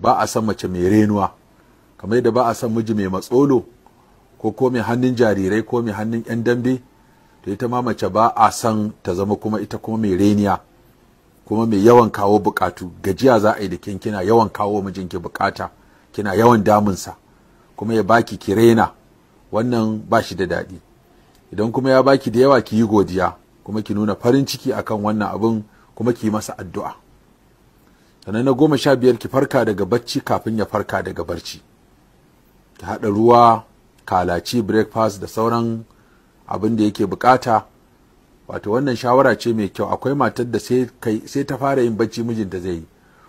ba a san mace mai renuwa kamar yadda ba a san miji mai matsolo ko ko mai hannun jarirai ko mai hannun yan dambe to ita ma mace ba a san ta zama kuma ita kuma mai reniya kuma mai yawan kawo bukatu gajiya za a yi da kin kina yawan kawo mijinki bukata kina yawan damunsa kuma ya baki ki rena wannan ba shi da daɗi idan kuma ya baki da yawa ki yi godiya kuma ki nuna farin ciki akan wannan abun kuma ki masa addu'a sannan na goma sha biyar ki farka daga bacci kafin ya farka daga barci ki haɗa ruwa kalaci breakfast da sauran abin da yake bukata wato wannan shawara ce mai kyau akwai matar da sai ta fara yin bacci mijinta zai yi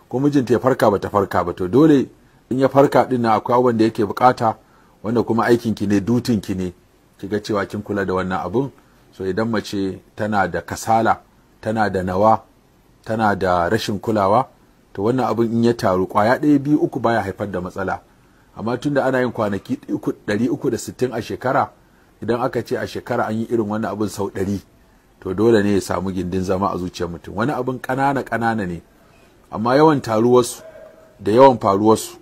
ko mijinta ya farka ba ta farka ba to dole in ya farka din na akwai abin da yake bukata wanda kuma aikin ki ne dutin ki ne Ki ga cewa kin kula da wannan abun so idan mace tana da kasala tana da nawa tana da rashin kulawa to wannan abin in ya taru kwaya ɗaya biyu uku baya haifar da matsala amma tunda ana yin kwanaki 360 a shekara idan aka ce a shekara an yi irin wannan abin sau ɗari to dole ne ya samu gindin zama a zuciyar mutum wani abin ƙanana ƙanana ne amma yawan taruwarsu da yawan faruwarsu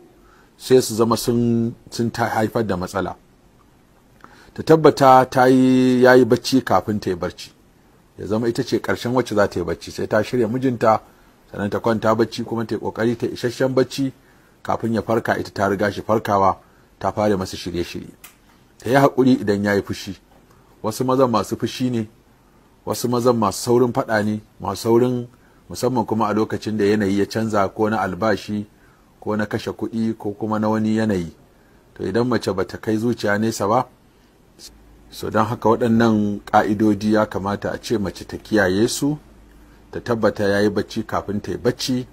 sai su zama sun sun haifar da matsala ta tabbata ta yi yayi bacci kafin ta yi barci ya zama ita ce ƙarshen wacce za ta yi bacci sai ta shirya mijinta sannan ta kwanta bacci kuma ta kokari ta isasshen bacci kafin ya farka ita ta riga shi farkawa ta fara masa shirye-shirye ta yi haƙuri idan ya yi fushi wasu mazan masu fushi ne wasu mazan masu saurin faɗa ne masu saurin musamman kuma a lokacin da yanayi ya canza ko na albashi ko na kashe kuɗi ko kuma na wani yanayi to idan mace ba ta kai zuciya nesa ba so don haka waɗannan ƙa'idodi ya kamata a ce mace ta kiyaye su ta tabbata ya yi bacci kafin ta yi bacci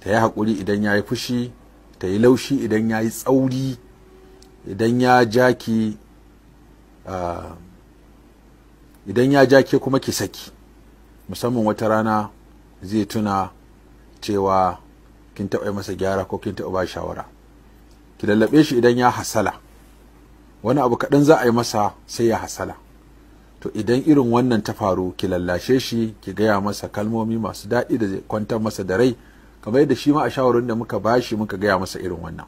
ta yi haƙuri idan ya yi fushi ta yi laushi idan ya yi tsauri idan ya jaki idan ya jake kuma ki saki musamman wata rana zai tuna cewa kin taɓa masa gyara ko kin taɓa ba shawara ki lallaɓe shi idan ya hasala wani abu kaɗan za a yi masa sai ya hasala to idan irin wannan ta faru ki lallashe shi ki gaya masa kalmomi masu daɗi da zai kwantar masa da rai kamar yadda shi ma a shawarin da muka bashi muka gaya masa irin wannan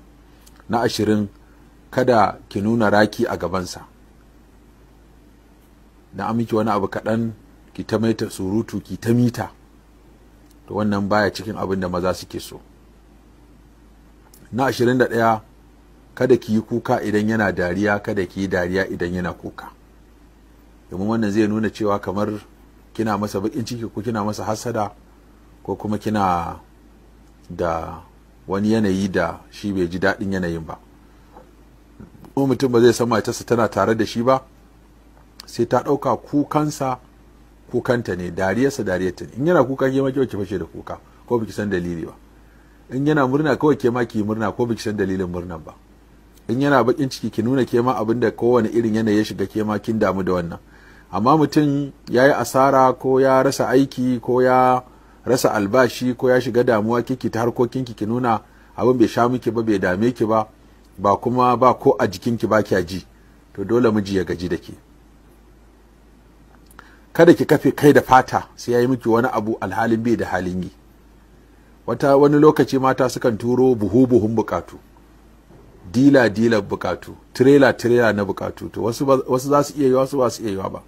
na ashirin kada ki nuna raki a gabansa na miki wani abu kaɗan ki ta maita surutu ki ta mita to wannan baya cikin abin da maza suke so na ashirin da ɗaya kada ki yi kuka idan yana dariya kada ki yi dariya idan yana kuka domin wannan zai nuna cewa kamar kina masa bakin ciki ko kina masa hasada ko kuma kina da wani yanayi da shi bai ji daɗin yanayin ba ko mutum ba zai san matarsa tana tare da shi ba sai ta ɗauka kukansa kukanta ne dariyarsa dariyarta ne in yana kuka ke ma ki fashe da kuka ko biki san dalili ba in yana murna kawai ke ma ki murna ko biki san dalilin murna ba in yana bakin ciki ki nuna ke ma abinda kowane irin yanayi ya shiga ke ma kin damu da wannan amma mutum ya yi asara ko ya rasa aiki ko ya rasa albashi ko ya shiga damuwa kiki ta harkokinki ki nuna abin bai sha miki ba bai dame ki ba ba kuma ba ko a jikinki ba kya ji to dole miji ya gaji da ke kada ki kafe kai da fata sai ya yi miki wani abu alhalin bai da halin yi wata wani lokaci mata sukan turo buhu buhun bukatu dila dila bukatu tirela tirela na bukatu to wasu za su iya yi wasu ba su iya yi ba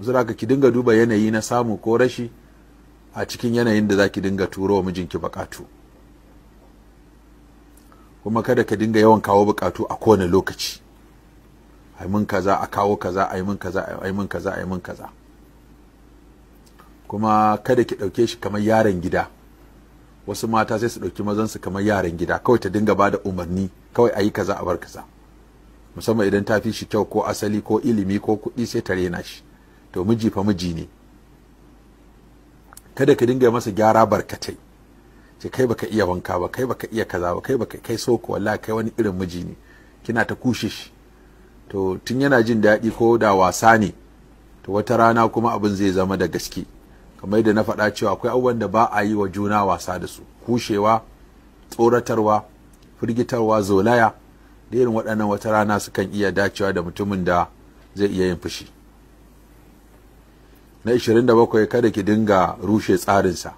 zura ka ki dinga duba yanayi na samu ko rashi a cikin yanayin da za ki dinga turo wa mijinki bukatu kuma kada ka dinga yawan kawo bukatu a kowane lokaci ai mun kaza a kawo kaza ai mun kaza ai mun kaza ai mun kaza kuma kada ki ɗauke shi kamar yaron gida wasu mata sai su ɗauki mazansu kamar yaran gida kawai ta dinga bada umarni kawai a yi kaza a bar kaza musamman idan ta fi shi kyau ko asali ko ilimi ko kuɗi sai ta rena shi to miji fa miji ne kada ka dinga masa gyara barkatai ce kai baka iya wanka ba kai baka iya kaza ba kai baka kai soko wallahi kai wani irin miji ne kina ta kushe shi to tun yana jin daɗi ko da wasa ne to wata rana kuma abin zai zama da gaske kamar da na faɗa cewa akwai abubuwan da ba a yi wa juna wasa da su kushewa tsoratarwa firgitarwa zolaya da irin waɗannan wata rana sukan iya dacewa da mutumin da zai iya yin fushi na 27 kada ki dinga rushe tsarinsa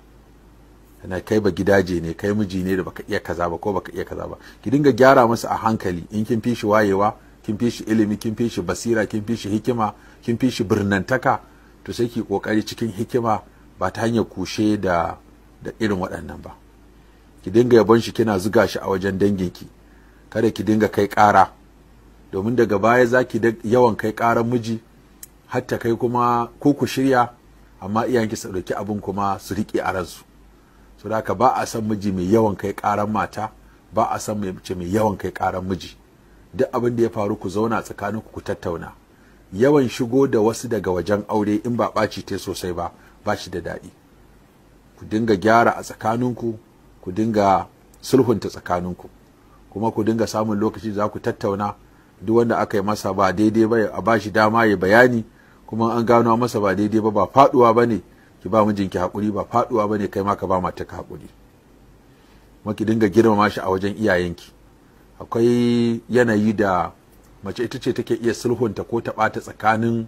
na kai ba gidaje ne kai miji ne da baka iya kaza ba ko baka iya kaza ba ki dinga gyara masa a hankali in kin fishi wayewa kin fishi ilimi kin fishi basira kin fishi hikima kin fishi birnantaka to sai ki kokari cikin hikima ba ta hanyar kushe da da irin waɗannan ba ki dinga yabon shi kina zuga shi a wajen danginki kada ki dinga kai ƙara domin daga baya zaki yawan kai ƙaran miji hatta kai kuma ko ku shirya amma iyayenki su dauki abin kuma su riƙe a ransu so da ka ba a san miji mai yawan kai ƙaran mata ba a san mace mai yawan kai ƙaran miji duk abin da ya faru ku zauna tsakanin ku tattauna yawan shigo da wasu daga wajen aure in ba ɓaci te sosai ba ba shi da daɗi ku dinga gyara a tsakaninku ku dinga sulhunta tsakaninku kuma ku dinga samun lokaci za ku tattauna duk wanda aka yi masa ba daidai ba a bashi dama ya bayani kuma an gano masa ba daidai ba ba faduwa bane ki ba mijinki hakuri ba faduwa bane kai ma ka ba mata ka hakuri kuma ki dinga girmama shi a wajen iyayenki akwai yanayi da mace ita ce take iya sulhunta ko ta bata tsakanin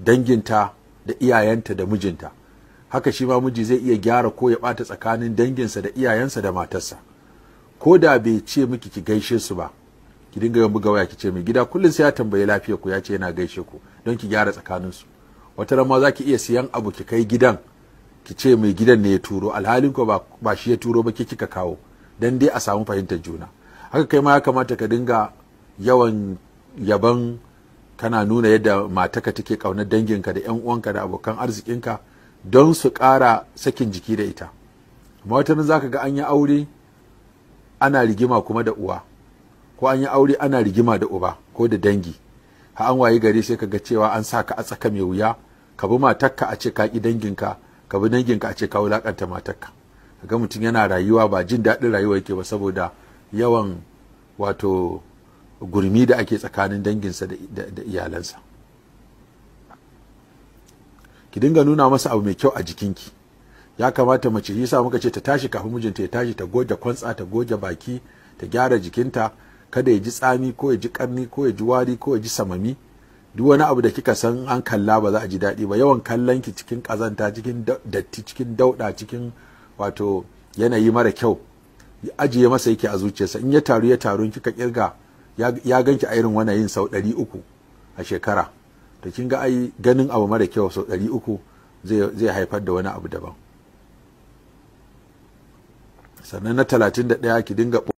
danginta da iyayenta da mijinta haka shi ma miji zai iya gyara ko ya bata tsakanin danginsa da iyayensa da matarsa ko da bai ce miki ki gaishe su ba ki dinga yin buga waya ki ce mai gida kullum sai ya tambayi lafiyar ku ya ce yana gaishe ku don ki gyara tsakaninsu wata rama za ki iya siyan abu ki kai gidan ki ce mai gidan ne ya turo alhalin ko ba shi ya turo ba ki kika kawo dan dai a samu fahimtar juna haka kai ma ya kamata ka dinga yawan yaban kana nuna yadda mataka take kaunar danginka da 'yan uwanka da abokan arzikinka don su kara sakin jiki da ita amma wata za ka ga an yi aure ana rigima kuma da uwa ko an yi aure ana rigima da uba ko da dangi har an wayi gari sai kaga cewa an sa ka a tsaka mai wuya ka bi matarka a ce ka ki danginka ka bi danginka a ce ka wulakanta matarka kaga mutum yana rayuwa ba jin daɗin rayuwa yake ba saboda yawan wato gurmi da ake tsakanin danginsa da iyalansa ki dinga nuna masa abu mai kyau a jikinki ya kamata mace yasa muka ce ta tashi kafin mijinta ya tashi ta goge kwantsa ta goge baki ta gyara jikinta kada ya ji tsami ko ya ji karni ko ya ji wari ko ya ji samami duk wani abu da kika san an kalla ba za a ji daɗi ba yawan kallon ki cikin ƙazanta cikin datti cikin dauɗa cikin wato yanayi mara kyau ajiye masa yake a zuciyarsa in ya taru ya taru kika kirga ya ganki a irin wani yin sau ɗari uku a shekara to kin ga ai ganin abu mara kyau sau ɗari uku zai haifar da wani abu daban sannan na talatin da ɗaya ki dinga